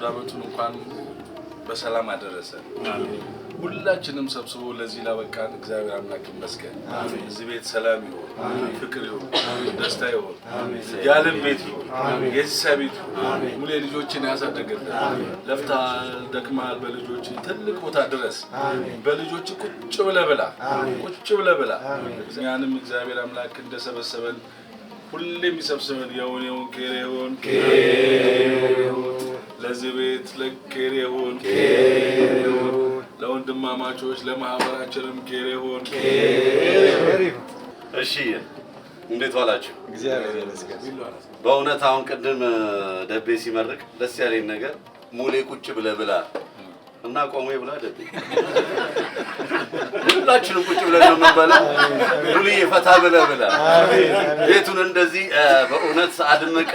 አውደ ዓመቱን እንኳን በሰላም አደረሰ። ሁላችንም ሰብስቦ ለዚህ ላበቃን እግዚአብሔር አምላክ ይመስገን። እዚህ ቤት ሰላም ይሆን፣ ፍቅር ይሆን፣ ደስታ ይሆን፣ የዓለም ቤት ይሆን፣ የእንስሳ ቤት ይሆን። ሙሌ ልጆችን ያሳደገልን ለፍታ ደክማል። በልጆች ትልቅ ቦታ ድረስ በልጆች ቁጭ ብለ ብላ ቁጭ ብለ ብላ እኛንም እግዚአብሔር አምላክ እንደሰበሰበን ሁሌም ይሰብስበን። ኬሬ ሆን ለዚህ ቤት ሆን ለወንድማማቾች ለማህበራችንም ሆን እሺ እንዴት ዋላችሁ? በእውነት አሁን ቅድም ደቤ ሲመርቅ ደስ ያለኝ ነገር ሙሌ ቁጭ ብለ ብላ እና ቆሙ ብላ አይደል? ሁላችንም ቁጭ ብለን ነው የምንበላው። ዱልዬ ፈታ ብለህ ብላ ቤቱን እንደዚህ በእውነት አድምቀ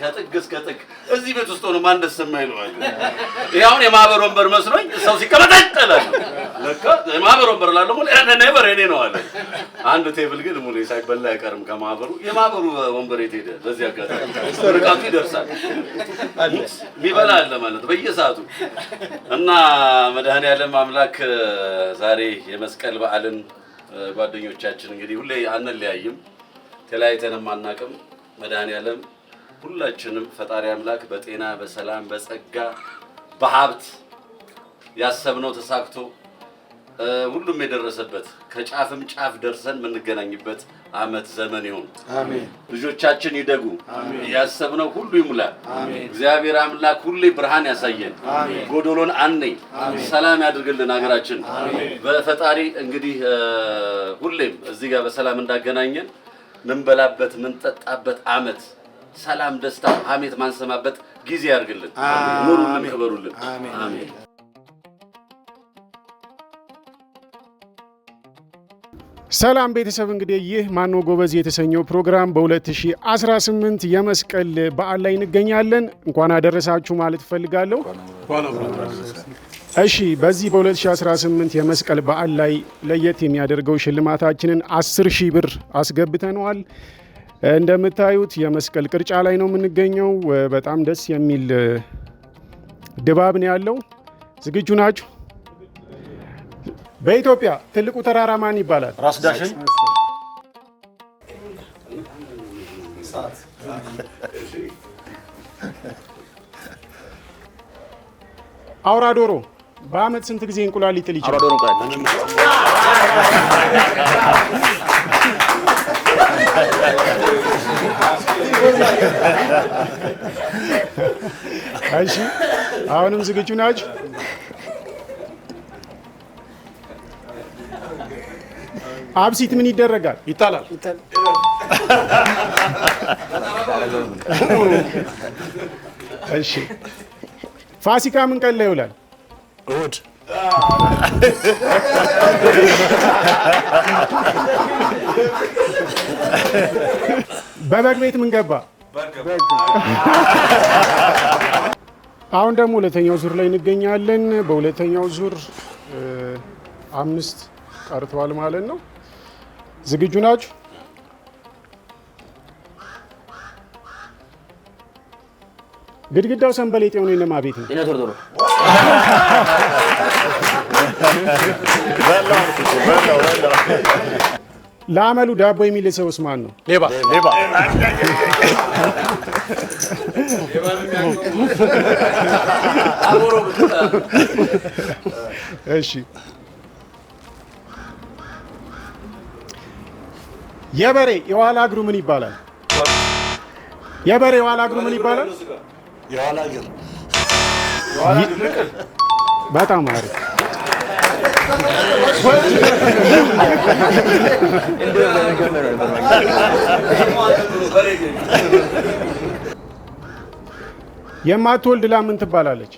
ከጥግ እስከ ጥግ እዚህ ቤት ውስጥ ሆኖ ማን ደስ የማይለው ይሄ አሁን የማህበር ወንበር መስሎኝ ሰው ሲቀመጥ ይጠላል። ለካ የማህበር ወንበር ላለ ሙሉ ነበር እኔ ነው አለ። አንድ ቴብል ግን ሙሉ ሳይበላ አይቀርም ከማህበሩ። የማህበሩ ወንበር የት ሄደ? በዚህ አጋጣሚ ርቃቱ ይደርሳል የሚበላ አለ ማለት በየሰዓቱ እና መድኃኔ ዓለም አምላክ ዛሬ የመስቀል በዓልን ጓደኞቻችን እንግዲህ ሁሌ አንለያይም፣ ተለያይተንም አናቅም። መድኃኔ ሁላችንም ፈጣሪ አምላክ በጤና በሰላም በጸጋ በሀብት ያሰብነው ተሳክቶ ሁሉም የደረሰበት ከጫፍም ጫፍ ደርሰን የምንገናኝበት አመት ዘመን ይሁን። ልጆቻችን ይደጉ፣ ያሰብነው ሁሉ ይሙላ። እግዚአብሔር አምላክ ሁሌ ብርሃን ያሳየን፣ ጎዶሎን አኔ ሰላም ያድርግልን ሀገራችን። በፈጣሪ እንግዲህ ሁሌም እዚህ ጋር በሰላም እንዳገናኘን ምንበላበት ምንጠጣበት አመት ሰላም፣ ደስታ፣ ሀሜት ማንሰማበት ጊዜ ያድርግልን። ኑሩልን፣ ክበሩልን። አሜን። ሰላም ቤተሰብ እንግዲህ ይህ ማኖ ጎበዝ የተሰኘው ፕሮግራም በ2018 የመስቀል በዓል ላይ እንገኛለን። እንኳን አደረሳችሁ ማለት እፈልጋለሁ። እሺ፣ በዚህ በ2018 የመስቀል በዓል ላይ ለየት የሚያደርገው ሽልማታችንን 10 ሺህ ብር አስገብተነዋል። እንደምታዩት የመስቀል ቅርጫ ላይ ነው የምንገኘው። በጣም ደስ የሚል ድባብ ነው ያለው። ዝግጁ ናችሁ? በኢትዮጵያ ትልቁ ተራራ ማን ይባላል? ራስ ዳሽን። አውራ ዶሮ በአመት ስንት ጊዜ እንቁላል ሊጥል ይችላል? እሺ አሁንም ዝግጁ ናችሁ? አብሲት ምን ይደረጋል? ይጣላል። እሺ ፋሲካ ምን ቀን ላይ ይውላል? እሑድ። በበግ ቤት ምን ገባ? አሁን ደግሞ ሁለተኛው ዙር ላይ እንገኛለን። በሁለተኛው ዙር አምስት ቀርተዋል ማለት ነው። ዝግጁ ናችሁ? ግድግዳው ሰንበሌጥ የሆነ የነማ ቤት ነው? ለአመሉ ዳቦ የሚል ሰውስ ማን ነው? ሌባ ሌባ። እሺ የበሬ የኋላ እግሩ ምን ይባላል? የበሬ የኋላ እግሩ ምን ይባላል? የኋላ እግር። በጣም አሪፍ። የማትወልድ ላም ምን ትባላለች?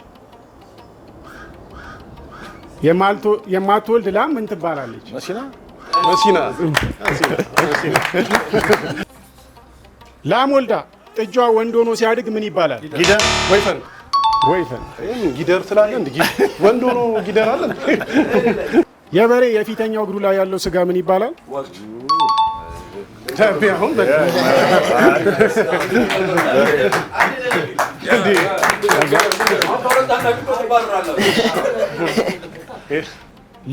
የማትወልድ ላም ምን ትባላለች? መሲና ላም ወልዳ ጥጃ ወንድ ሆኖ ሲያድግ ምን ይባላል? ጊደር ወይፈን ወይፈን ጊደር ትላለህ። ወንድ ሆኖ ጊደር አለ። የበሬ የፊተኛው እግሩ ላይ ያለው ስጋ ምን ይባላል? አሁን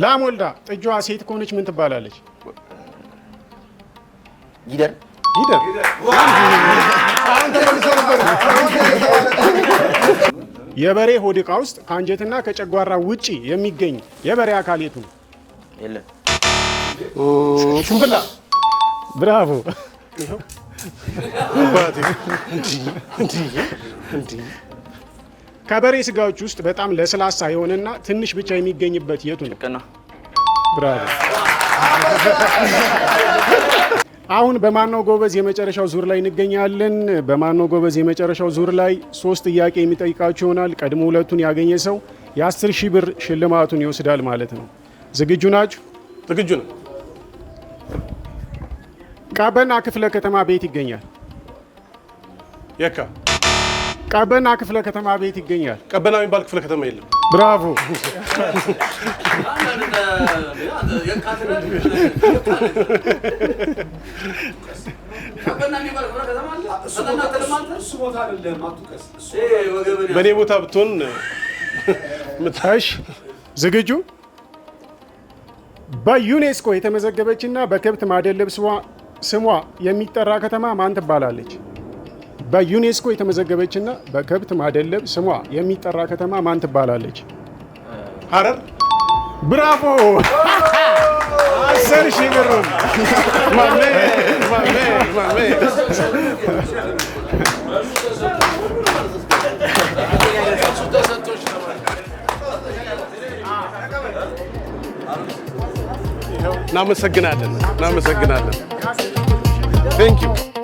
ላም ወልዳ ሴት ከሆነች ምን ትባላለች? ጊደር ጊደር። የበሬ ሆድ እቃ ውስጥ ከአንጀትና ከጨጓራ ውጪ የሚገኝ የበሬ አካል የቱ ነው? የለም። ሽንብላ። ብራቮ። ከበሬ ስጋዎች ውስጥ በጣም ለስላሳ የሆነና ትንሽ ብቻ የሚገኝበት የቱ ነው? ብራቮ። አሁን በማነው ጎበዝ የመጨረሻው ዙር ላይ እንገኛለን። በማነው ጎበዝ የመጨረሻው ዙር ላይ ሶስት ጥያቄ የሚጠይቃችሁ ይሆናል። ቀድሞ ሁለቱን ያገኘ ሰው የአስር ሺህ ብር ሽልማቱን ይወስዳል ማለት ነው። ዝግጁ ናችሁ? ዝግጁ ነው። ቀበና ክፍለ ከተማ ቤት ይገኛል የካ ቀበና ክፍለ ከተማ ቤት ይገኛል። ቀበና የሚባል ክፍለ ከተማ የለም። ብራቮ። በእኔ ቦታ ብትሆን ምታሽ ዝግጁ በዩኔስኮ የተመዘገበች ና በከብት ማደለብ ስሟ የሚጠራ ከተማ ማን ትባላለች? በዩኔስኮ የተመዘገበችና በከብት ማደለብ ስሟ የሚጠራ ከተማ ማን ትባላለች? ሀረር። ብራቮ! አስር ሺህ ብር እናመሰግናለን። እናመሰግናለን። ቴንክ ዩ